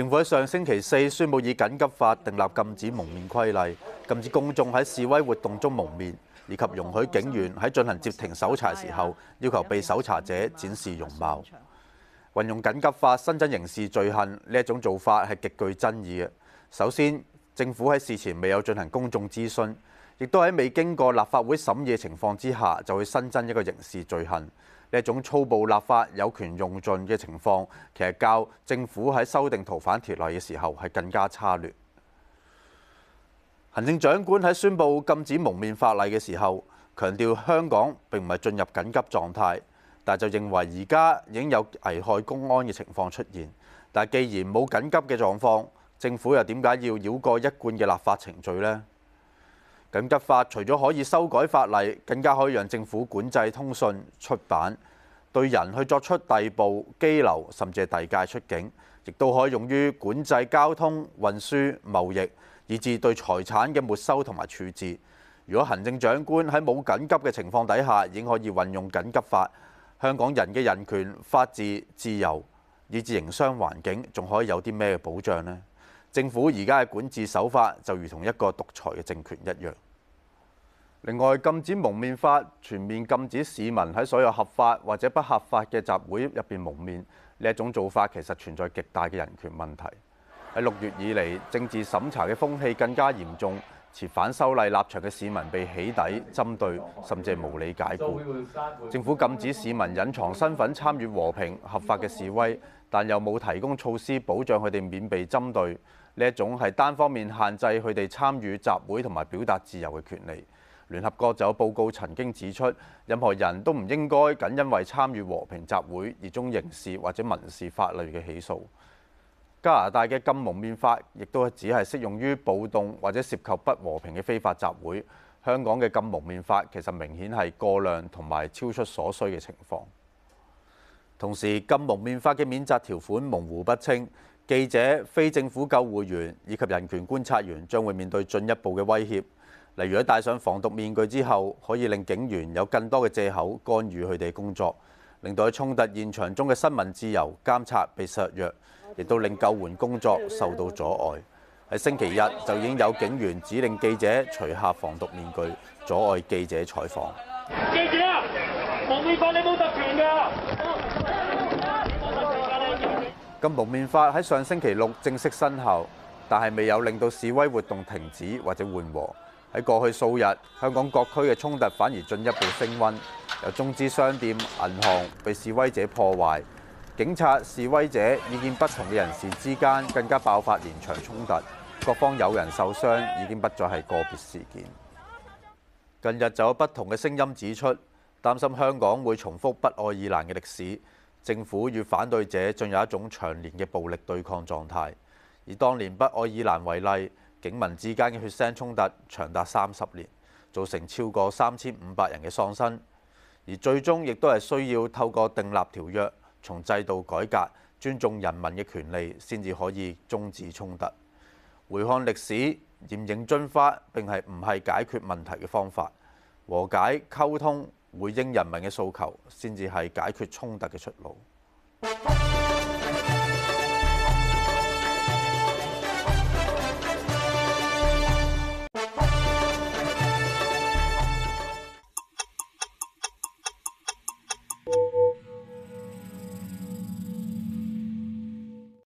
政府喺上星期四宣布以緊急法訂立禁止蒙面規例，禁止公眾喺示威活動中蒙面，以及容許警員喺進行截停搜查時候要求被搜查者展示容貌。運用緊急法新增刑事罪行呢一種做法係極具爭議嘅。首先，政府喺事前未有進行公眾諮詢。亦都喺未經過立法會審議嘅情況之下，就會新增一個刑事罪行，呢種粗暴立法、有權用盡嘅情況，其實較政府喺修訂逃犯條例嘅時候係更加差劣。行政長官喺宣布禁止蒙面法例嘅時候，強調香港並唔係進入緊急狀態，但就認為而家已經有危害公安嘅情況出現。但既然冇緊急嘅狀況，政府又點解要繞過一貫嘅立法程序呢？緊急法除咗可以修改法例，更加可以讓政府管制通訊、出版，對人去作出逮捕、羈留，甚至係遞解出境，亦都可以用於管制交通、運輸、貿易，以至對財產嘅沒收同埋處置。如果行政長官喺冇緊急嘅情況底下，已經可以運用緊急法，香港人嘅人權、法治、自由，以至營商環境，仲可以有啲咩保障呢？政府而家嘅管治手法就如同一個獨裁嘅政權一樣。.另外，禁止蒙面法全面禁止市民喺所有合法或者不合法嘅集會入邊蒙面呢一種做法，其實存在極大嘅人權問題。喺六月以嚟，政治審查嘅風氣更加嚴重，持反修例立場嘅市民被起底針對，甚至無理解僱。政府禁止市民隱藏身份參與和平合法嘅示威，但又冇提供措施保障佢哋免被針對，呢一種係單方面限制佢哋參與集會同埋表達自由嘅權利。聯合國就有報告曾經指出，任何人都唔應該僅因為參與和平集會而中刑事或者民事法律嘅起訴。加拿大嘅禁蒙面法亦都只係適用於暴動或者涉及不和平嘅非法集會。香港嘅禁蒙面法其實明顯係過量同埋超出所需嘅情況。同時，禁蒙面法嘅免責條款模糊不清，記者、非政府救護員以及人權觀察員將會面對進一步嘅威脅。例如，如果戴上防毒面具之後，可以令警員有更多嘅借口干預佢哋工作，令到喺衝突現場中嘅新聞自由監察被削弱，亦都令救援工作受到阻礙。喺星期日，就已經有警員指令記者除下防毒面具，阻礙記者採訪。記者啊，蒙面法你冇特權㗎。咁蒙面法喺上星期六正式生效，但係未有令到示威活動停止或者緩和。喺過去數日，香港各區嘅衝突反而進一步升温，有中資商店、銀行被示威者破壞，警察、示威者意見不同嘅人士之間更加爆發連場衝突，各方有人受傷已經不再係個別事件。近日就有不同嘅聲音指出，擔心香港會重複北愛爾蘭嘅歷史，政府與反對者進入一種長年嘅暴力對抗狀態，以當年北愛爾蘭為例。警民之間嘅血腥衝突長達三十年，造成超過三千五百人嘅喪生，而最終亦都係需要透過訂立條約、從制度改革、尊重人民嘅權利，先至可以終止衝突。回看歷史，嚴刑峻法並係唔係解決問題嘅方法，和解溝通、回應人民嘅訴求，先至係解決衝突嘅出路。